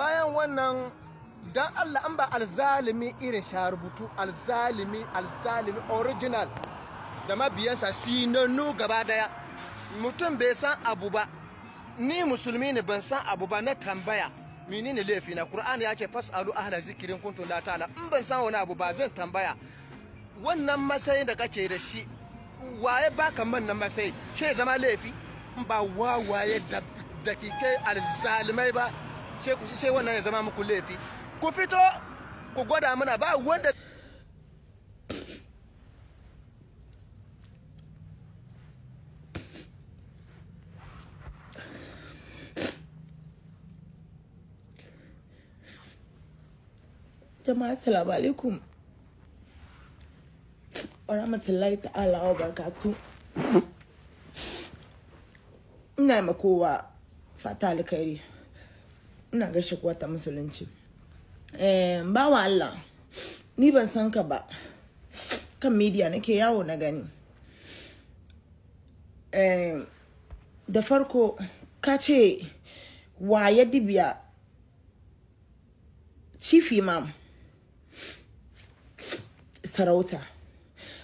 bayan wannan dan Allah an ba alzalimi irin sharubutu alzalimi alzalimi original da mabiyansa sinanu gaba daya mutum bai san abu ba ni musulmi ne ban san abu ba na tambaya menene laifi na Qur'ani ya ce fasalu ahla zikirin kuntum la ta'ala in ban san wani abu ba zan tambaya wannan matsayin da kake da shi waye baka man nan matsayi shi zama laifi ba wawaye da dakikai alzalimai ba sai wannan ya zama muku laifi ku fito ku gwada mana ba wanda jama'a assalamu alaikum wa ta'ala wa barkatu ina ma kowa fata alkhairi ina gaishe kuwa ta musulunci eh bawa Allah ni ban san ka ba kan media nake yawo na gani eh, da farko ka ce wa ya dibiya chief imam sarauta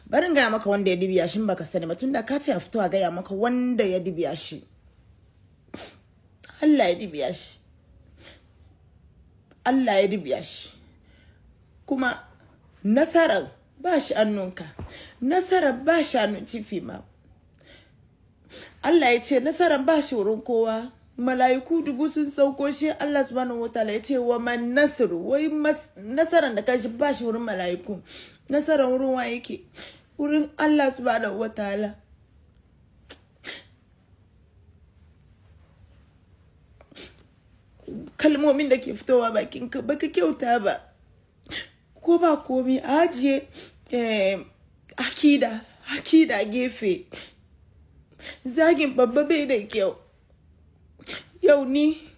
barin gaya maka wanda ya dibiya shi baka sani ba tunda ka ce a fito a gaya maka wanda ya dibiya shi Allah ya dibiya shi Allah ya dubiya shi kuma nasarar ba shi annunka nasarar ba shi annun cifi ma Allah ya ce nasarar ba shi wurin kowa mala'iku dubu sun sauko shi Allah subhanahu wataala ya ce wa man nasr wai nasarar da kanshi ba shi wurin mala'iku nasarar wurin wa yake wurin Allah subhanahu wataala kalmomin da ke fitowa bakinka baka kyauta ba ko ba komi ajiye eh, akida akida gefe zagin babba bai da kyau yau ni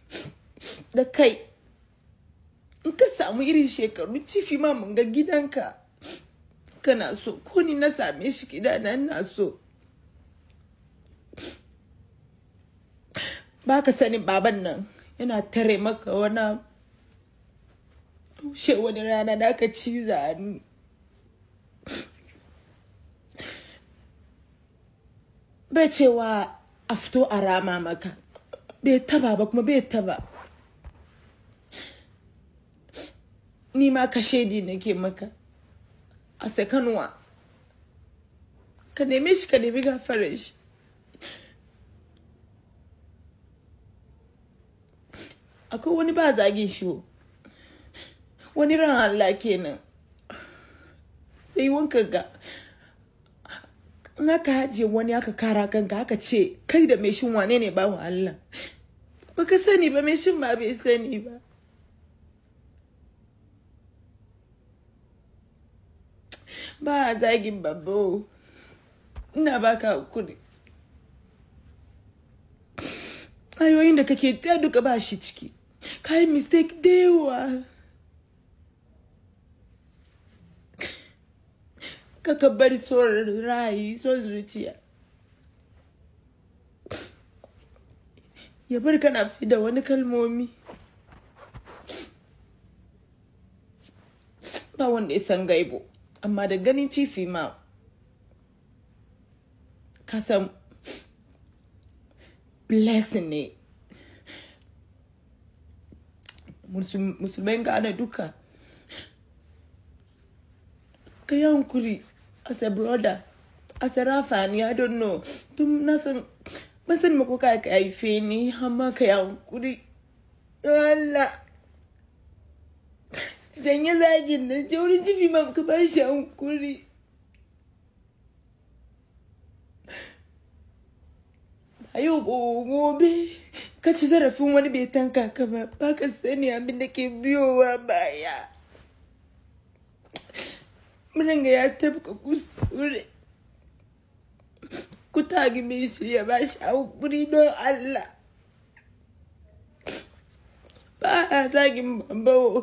da kai in ka samu irin shekaru cifi ma mun ga gidanka kana so ko ni na same shi gidana na so ba ka sanin baban nan yana tare maka wani tushe wani rana da ka ciza ni bai cewa a fito a rama maka bai taba ba kuma bai taba ni ma ka shaidi nake maka a sakanuwa ka neme shi ka nemi gafarar shi akwai wani ba zagin shi wani ran Allah kenan sai wanka ga na ka hajiye wani aka kara kanka aka ce kai da mai shin wane ne bawan Allah baka sani ba mai shin ba bai sani ba ba zagin babbo ina baka hakuri ayoyin da kake ta duka ba shi ciki ka mistake da kaka bari son rayi son zuciya ya bari kana fi da wani kalmomi ba wanda ya san gaibo amma da ganin cifi ma kasan blessing ne musulmai gane duka ka yi hankuri as a brother as a rafani i don't know tun na san masan mako ka ka haife ni amma ka yi hankuri Allah janye zagin nan je wurin jifi ma ka ba shi hankuri ayo gobe ka ci zarafin wani bai tanka ka ba ba ka sani abin da ke biyowa baya muranga ya tabka kusure ku mai shi ya ba shi hankuri don allah ba a zagin babba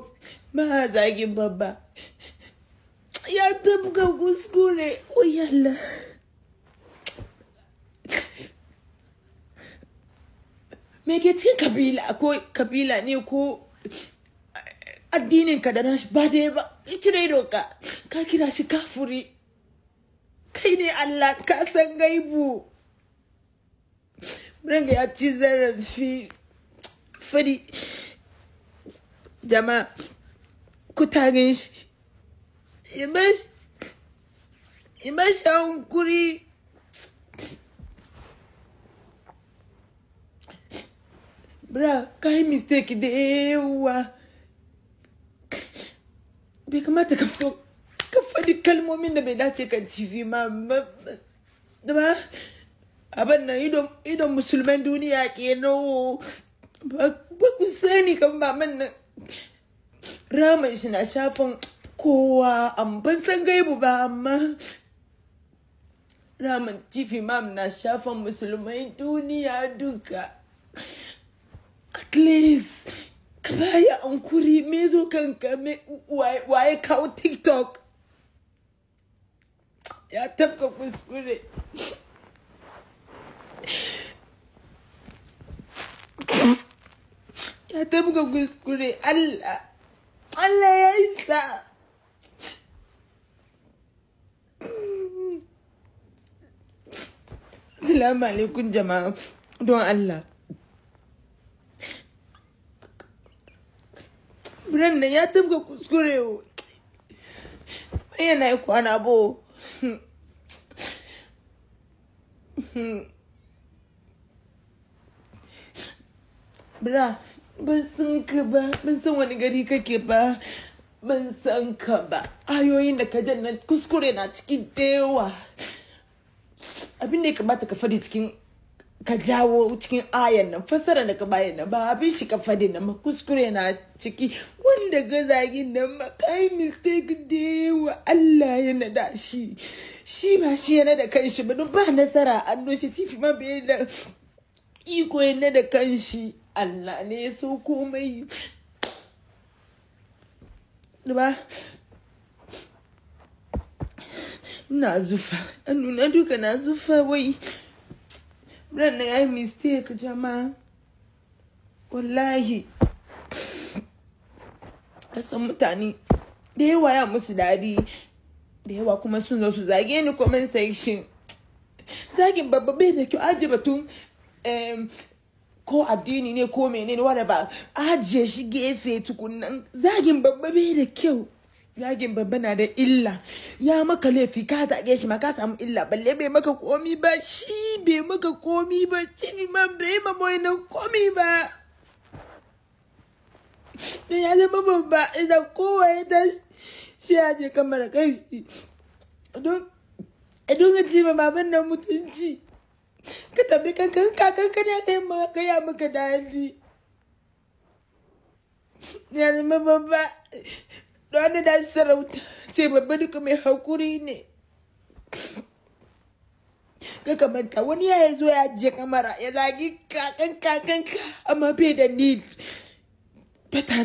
ba a zagin babba ya tabka kuskure o yallah me ke cikin kabila ko kabila ne ko addinin ka da na ba dai ba cire doka ka kira shi kafuri kai ne Allah ka san gaibu Ranga ya ci zarafi fadi jama'a ku tare shi ya bashi hankuri bra ka yi mistake da yawa bai kamata ka fito ka faɗi kalmomin da bai dace ka cifi ma ba abin nan idon musulman duniya ke nawo ba ku sani kan maman nan ramin shi na shafin kowa an ban san gaibu ba amma ramin cifi ma na shafin musulman duniya duka at least ka bayi ankuri me zo kanka me waye kawo tiktok ya tafka kuskure ya tafka kuskure allah allah ya isa Assalamu alaikum jama'a don Allah. biran nan ya tumka kuskure na yi kwana bo bra ban san ka ba ban san wani gari kake ba ban san ka ba ayoyin da ka danna kuskure na cikin da yawa abin da ya kamata ka fadi cikin ka jawo cikin ayan nan fasara na ka bayan nan ba abin shi ka fadi nan kuskure na ciki wanda ga zagin nan kai mistake da yawa Allah ya nada shi shi ba shi ya nada kanshi ba don ba nasara an shi cifi ma bai da iko ya nada kanshi Allah ne ya so komai ba na zufa nuna duka na zufa wai Ran na yi mistake jama'a. Wallahi. asan mutane da yawa ya musu dadi. Da yawa kuma sun zo su zage ni comment section. Zagin babba bai da kyau aje batun ko addini ne ko menene whatever aje shi gefe tukunan zagin babba bai da kyau yagin babba na da illa, ya maka laifi ka zage shi ma ka samu illa, balle bai maka komi ba, shi bai maka komi ba, cibi man bai ma nan komi ba. ne ya zama babba idan kowa ya ta shi ya je kamar kai shi. Don, ka ji ma baban nan mutunci. Ka tabi kankan kakan ka ne kai ma gaya maka da hanji. Ya zama babba. wani da sarauta ce babban duka mai haƙuri ne ka kamanta wani ya zo ya je kamara ya zagi kakan kakan ka amma bai da ni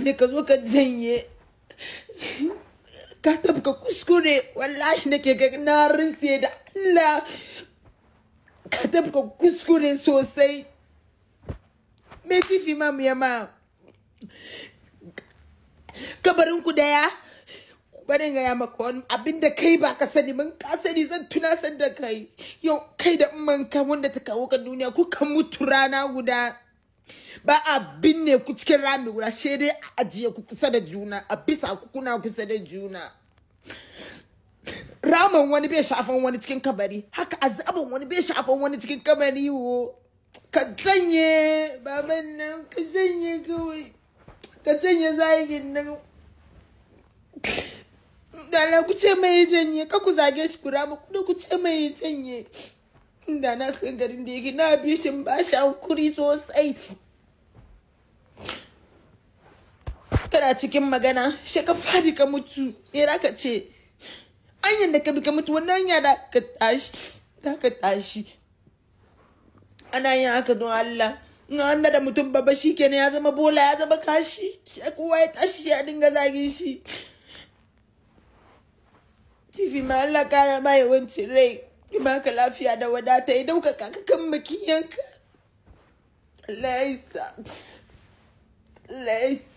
ne ka zo ka janye ka tabka kuskure wallahi nake ga na rinse da Allah ka tabka kuskure sosai me kifi ma Kabarin ku daya barin gaya maka wani abin da kai ba ka sani man ka sani zan san da kai yau kai da man ka wanda ta kawo ka duniya ku kan mutu rana guda ba a binne ku cikin rami guda she dai a ajiye ku kusa da juna a bisa ku kuna kusa da juna ramin wani bai shafan wani cikin kabari haka azaban wani bai shafan wani cikin kabari wo ka janye baban nan ka janye kawai ka janye zagin nan da ku ce mai ya janye ka ku zage shi ku mu ku da ku ce mai ya janye da na san garin da yake na bi shi ba shi hankuri sosai kana cikin magana shi ka fadi ka mutu me za ka ce an da ka bi ka mutu wannan hanya da ka tashi da ka tashi ana yin haka don Allah na da mutum baba shi kenan ya zama bola ya zama kashi shi kowa ya tashi ya dinga zagin shi Tifi ma Allah kara ma yawancin rai, ima ka lafiya da wadata ya ɗaukaka ka makiyanka. Allah ya isa. Allah ya isa.